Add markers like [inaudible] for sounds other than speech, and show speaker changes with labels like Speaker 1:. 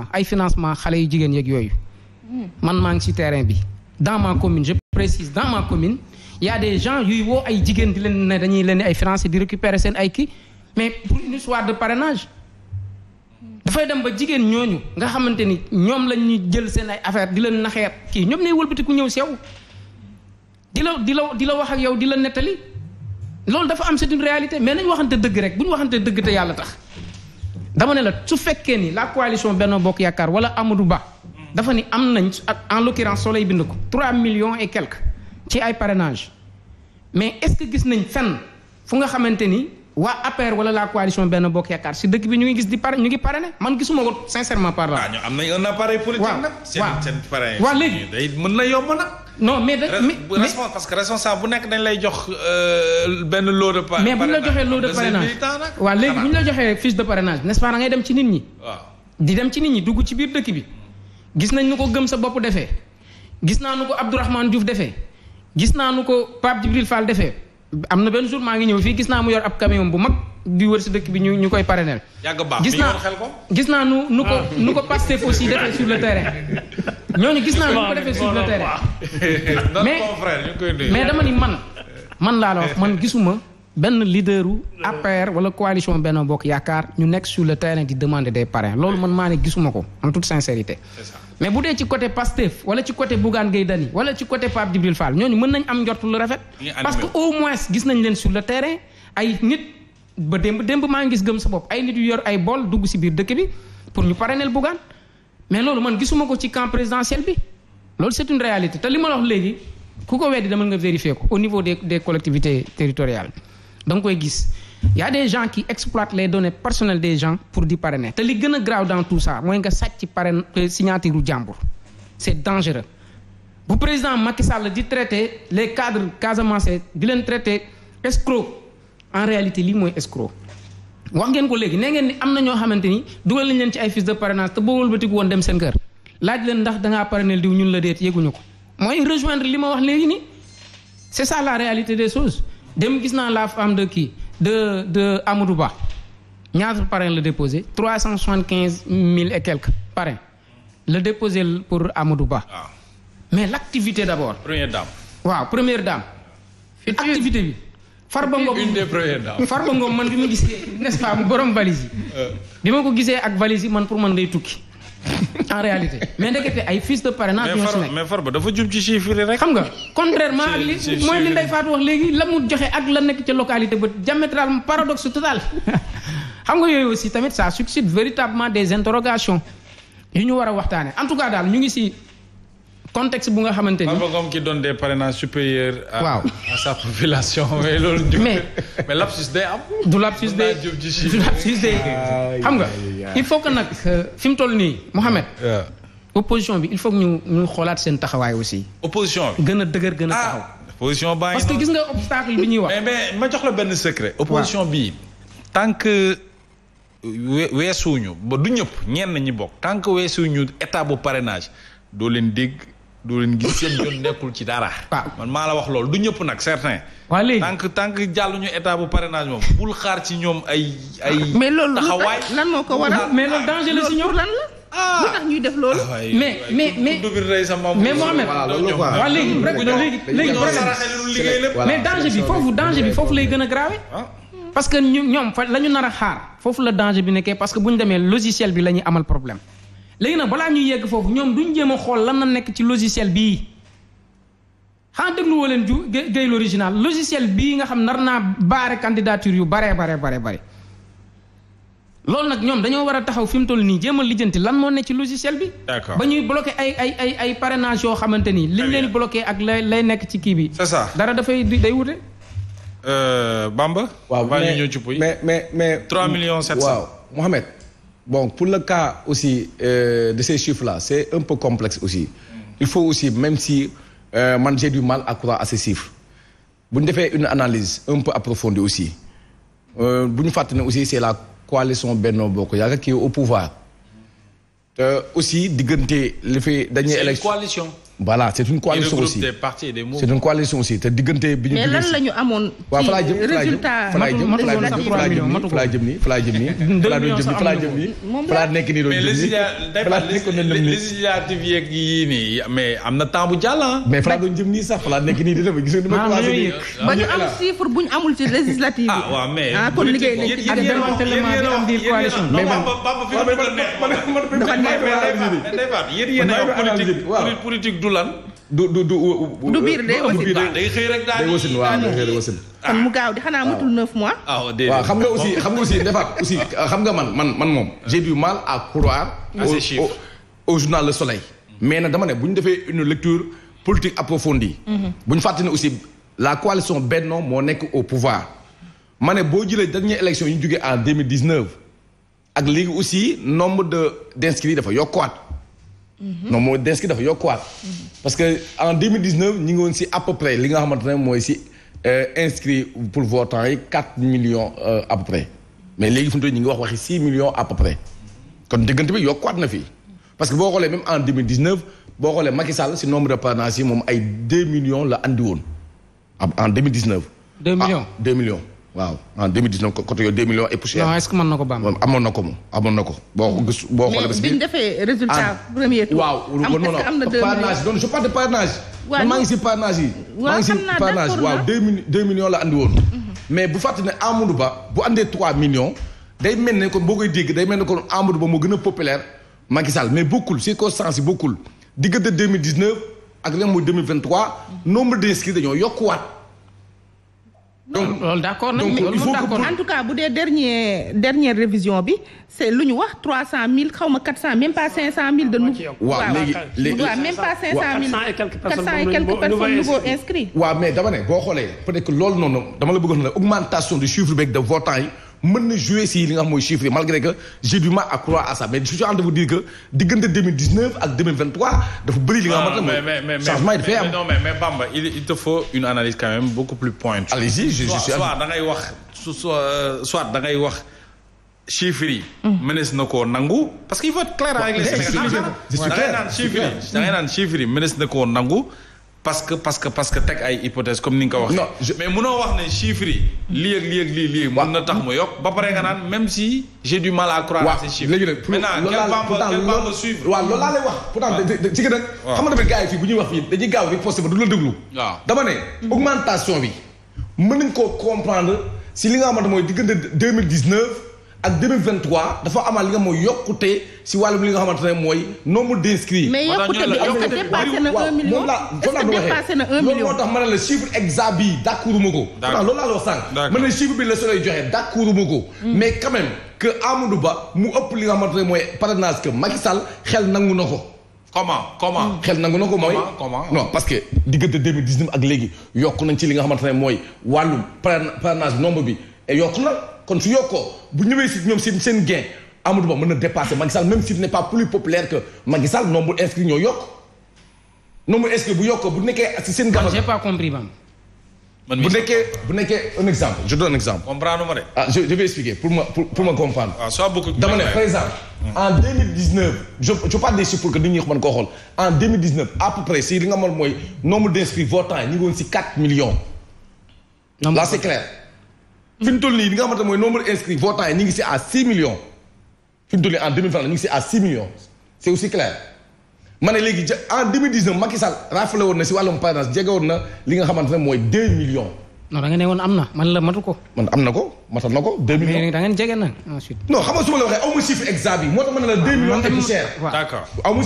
Speaker 1: financement ay financement xale yu jigéen yeeg yooyu man maa ngi ci terrain bi dans ma commune je précise dans commune y a des gens yuy woo ay jigéen di leen ne dañuy leen ay financé di récupérer seen ay kii mais pour une histoire de parrainage dafay dem ba jigéen ñooñu nga xamante ni ñoom la ñuy jël seen ay affaire di leen naxeer kii ñoom ne wëlbati ku ñëw sew di la di la di la wax ak yow di la nettali loolu dafa am c'est une réalité mais nañ waxante dëgg rek bu ñu waxante dëgg te yàlla dama ne la su fekkee ni la coalition benn Bokk Yaakaar wala Amadou Ba dafa ni am nañ en l'occurrence soo lay bind ko trois millions et quelques ci ay parrainage mais est-ce que gis nañ fenn fu nga xamante ni waa APR wala la coalition benn Bokk Yaakaar si dëkk bi ñu ngi gis di pare ñu ngi parrainé man gisuma ko sincèrement parlant.
Speaker 2: waaw ah, ñu am nañ un appareil politique nag. seen seen parrain. waaw léegi day na yomb nag. non mais da mais parce que responsable bu nekk dañ lay jox euh, benn lot de parrainage mais bu ñu la joxee lot de parrainage waaw léegi
Speaker 1: ah. la joxee fiche de parrainage n'est-ce pas da ngay dem ci nit ñi. di dem ci nit ñi dugg ci biir dëkk bi. gis nañ nu ko gëm sa bopp defee gis naa nu ko Abdourahmane Diouf defee gis naa nu ko Pape Djibril Fall defee na benn jour maa ngi ñëw fii gis naa mu yor ab camion bu mag di wër si dëkk bi ñu ñu koy parrainel.
Speaker 2: yàgg gis naa
Speaker 1: gis naa nu nu ko ah. nu ko Pastef aussi defee sur le terrain. [laughs] ñooñu gis naa ñu ko defee sur le terrain.
Speaker 2: [laughs] mais
Speaker 1: mais dama ni man. man laa la wax man gisuma benn leaderu APR wala coalition benn Bokk Yaakaar ñu nekk sur le terrain di demande des parrains loolu man maa ne gisuma ko en toute sincérité. mais bu dee ci côté Pastef wala ci côté Bougane Gueye Dany wala ci côté Pape Djibril Fall ñooñu mën nañ am njortu rafet. parce que au moins gis nañ leen sur le terrain ay nit. ba démb démb maa ngis gis gëm sa bopp ay nit yu yor ay bool dugg si biir dëkk bi pour ñu parrainer Bougane mais loolu man gisuma ko ci camp présidentiel bi loolu c'est une réalité ta li ma la wax léegi ku ko weddi dama nga vérifier ko au niveau des des collectivités territoriales da koy gis y a des gens qui exploitent les données personnelles des gens pour di parrainer te li gën a grave dans tout ça mooy nga sàcc parrain euh, signature u jàmbur c'est dangereux bu président Macky Sall di traité les cadres Casamance di leen traité escroc en réalité lii mooy escroc wax ngeen ko léegi nee ngeen ni am na ñoo xamante ni dugal nañ leen ci ay fiches de parrainage te boobul batiku woon dem seen kër laaj leen ndax dangaa parrainel diw ñun la déet yéguñu ko mooy rejoindre li ma wax léegi nii c'est ça la réalité des choses dem gis naa la femme de kii de de Amadou Ba ñaata parrain la déposé trois cent soixante quinze mille et quelques parrain la déposé pour Amadou Ba. Ah. mais l'activité d'abord. première dame. waaw première dame. activité bi.
Speaker 2: Farba Ngom une des premières dames Farba Ngom
Speaker 1: man bi ma gisee nest pas mu borom valise yi. Euh. bi ma ko gisee ak valise yi man pour man day tukki en réalité. mais ndekete ay fiches de parrainage. ñoo si nekk mais Farba dafa rek. xam nga contrairement ak li mooy li Ndeye Fatou wax léegi la mu joxe ak la nekk ca localité ba diamétral paradoxe total. [laughs] xam nga yooyu aussi tamit ça suscite véritablement des interrogations yu ñu war a waxtaanee en tout cas daal ñu ngi si. contexte bu nga xamante ni. comme qui donne des
Speaker 2: parrainages supérieurs. waaw à sa population. [laughs] mais loolu mais mais lapsus day am.
Speaker 1: du lapsus day du lapsus day xam nga il faut que nag euh, fi mu toll nii Mouhamed. opposition bi il faut que ñu ñu xoolaat seen taxawaay aussi. opposition bi gën a dëgër
Speaker 2: gën a ah, taxaw. opposition baa parce que gis
Speaker 1: nga obstacle bi ñuy
Speaker 2: wax. mais mais ma jox la benn secret. opposition bii tant que. weesuñu ba du ñëpp ñenn ñi bokk tant que weesuñu état bu parrainage doo leen dégg doo leen seen yoon nekkul ci dara. man maa la wax loolu du ñëpp nag certain. waa léegi tant que tant que jàlluñu état bu parrainage moom. bul xaar ci ñoom ay ay. Ah, taxawaay lan moo ko waral mais loolu danger la si ñoom lan ah tax ñuy
Speaker 1: def loolu. Ah, mais mais mais mais Mohamed. waaw léegi léegi léegi mais danger bi foofu danger bi foofu lay gën a grave. Ah. parce que ñu ñoom fa la ñu nar a xaar. foofu la danger bi nekkee parce que bu ñu demee logiciel bi la ñuy amal problème. léegi nag balaa ñuy yegg foofu ñoom duñ jéem a xool lan na nekk ci logiciel bii xanaa dégluwoo leen ju gay l'original logiciel bii nga xam nar naa baare candidature yu baree bare bare bare loolu nag ñoom dañoo war a taxaw fi mu toll nii jéem a lijjanti lan moo ne ci logiciel bi. d'accord ba ñuy bloqué ay ay ay ay parrainage yoo xamante ni. liñ leen bloqué ak lay lay
Speaker 2: nekk ci kii bi. c'est ça dara dafay day wute. Euh, bamb waaw mais ñu ñëw ci mais mais mais. 3 millions 700 waaw
Speaker 3: Mohamed. bon pour le cas aussi euh, de ces chiffres là c'est un peu complexe aussi il faut aussi même si euh, man j'ai du mal à croire à bu ñu defee une analyse un peu approfondie aussi euh, bu ñu fàtte ne aussi c'est la coalition Benno Bokk Yaakaar qui est au pouvoir euh, aussi diggante li fi dañuy élection coalition voilà c' est une coalition aussi des partis et des mouvements c' est une coalition aussi te diggante bi ñu. mais lan
Speaker 1: la ñu amoon. waaw fa laay jëm fa laay jëm
Speaker 3: fa laay jëm nii fa laay jëm nii fa laay jëm nii. fa laay doon jëm nii fa laay jëm nii fa laa nekk nii doon jëm nii. fa
Speaker 2: laa nekk nii doon jëm nii mais législative yeeg yii nii mais am na temps bu jàll mais fa laa doon jëm nii sax fa laa nekk nii di dem gis nga ni ma commencé nii. ba ñu am
Speaker 1: chiffre bu ñu amul ci législative ah waaw mais kon
Speaker 3: liggéey nañ ci démantèlement bi
Speaker 2: am la du du du du biir day wasin day xëy rek daal day wasin waaw
Speaker 3: day xëy dama ne bu defee une lecture politique approfondie. Mm-hmm. bu ñu fàttali aussi la coalition Benno moo nekk au pouvoir. ma ne boo jëlee dernière élection yi ñu en ak léegi aussi nombre de d' inscrits dafa yokkuwaat. Mm-hmm. non mooy des ki dafa yokkuwaat.
Speaker 2: Mm-hmm.
Speaker 3: parce que en 2019 ñu ngi woon si à peu près li nga xamante ne mooy si euh, inscrit pour votant yi 4 millions euh, à peu près mais léegi fu ñu ngi wax waxi 6 millions à peu près kon diggante bi yokkuwaat na fii parce que boo xoolee même en 2019 boo xoolee Macky Sall si nombre de parrainage moom ay 2 millions la andi woon ah, en 2019. 2 millions ah, millions. waaw en 2019 côté yooyu 2 na ko ba am. amoon na ko moom na ko. boo ko gis boo xoolee.
Speaker 2: Ah. mais na 2 millions parrainage donc
Speaker 3: je parle de parrainage. la andi woon. Mhm. mais bu fàttali ne Amadou Ba bu andee 3 millions. day mel ne kon boo koy dégg day mel ne kon Amadou Ba moo gën a populaire Macky Sall mais bokkul circonstance yi bokkul diggante 2019 ak ren mooy 2023 nombre d'inscrits dañoo yokkuwaat. donc loolu d'accord nag loolu d'accord en
Speaker 1: tout cas bu dee dernier dernière révision bi c'est lu ñu wax trois cent mille xaw quatre cent même pas cinq cent pas cinq cent mille quatre cent et quelques personnes nouveau inscrits
Speaker 3: waaw mais dama ne boo xoolee peut-être que loolu noonu dama la bëggoon ne augmentation du chiffre beeg de votants yi mën na jouer si li nga xam mooy chiffres yi malgré que j'ai du mal à croire mais je suis de vous dire que diggante ak 2023 bëri li nga xamante ne changement yi dafay am
Speaker 2: mais Bamba il te faut une analyse quand même beaucoup plus pointue. allez-y je suis soit da ngay wax euh, soit da ngay wax. chiffres yi. Mm. na ko nangu. parce qu'il faut être clair avec na koo nangu. parce que parce que parce que teg ay hypothèse comme ni nga ko waxee. non je wax ne chiffres yi. lii ak lii ak lii lii. mun tax mu yokk ba pare nga naan même si. j'ai du mal à croire ces chiffres. léegi pour maintenant quel pas quel pas me
Speaker 3: suivre. ci gën a. xam nga tamit yi fii bu ñuy wax fii dañuy gaaw bi posté ba du la déglu. dama ne. Hmm. augmentation bi mën nañ koo comprendre si li nga xamante mooy diggante deux ak 2023 dafa amal li nga mooy yokkute si wàllum li nga xamante ne mooy nombre d'inscrits. mais yokkute bi yokkute dépassé na 1 million est-ce ko. d'accord loolu laa la wax sànq. ma ne chiffre bi la soo lay joxe d'accord ma ko. Mm. mais quand même que Amadou Ba mu ëpp li nga xamante ne mooy parrainage que Macky Sall xel nangu na ko. comment comment. Mm. xel nangu na ko mooy comment non parce que diggante 2019 ak léegi yokk nañ ci li nga xamante ne mooy wàllum parrainage nombre bi yokk na. kon su yokkoo bu ñëwee si ñoom seen seen gain Amadou Ba mën na dépasser Macky Sall même s'il n'est pas plus populaire que Macky Sall nombre inscrit ñoo yokk nombre inscrit bu yokkoo bu nekkee si seen. gàmm bu nekkee bu nekkee un exemple je donne un exemple. comprendre ah, je je vais expliquer pour ma pour pour ma comprendre. waaw soo bëgg dama ne par exemple. en deux je je parle des que nit ñi mën koo en deux si li nga mën mooy nombre d' inscrits votants ñu ngi woon si quatre millions. là c' est fi mu toll nii li nga xamante mooy nombre inscrit votant yi ñu ngi si à six millions fi toll nii en deux millions c' est ma woon na si wàllum parrainage jege woon na li nga xamante mooy deux millions. non da woon am na man la matu man am na ko matal ko
Speaker 2: deux millions mais da ngeen jege na ensuite. non xam nga su ma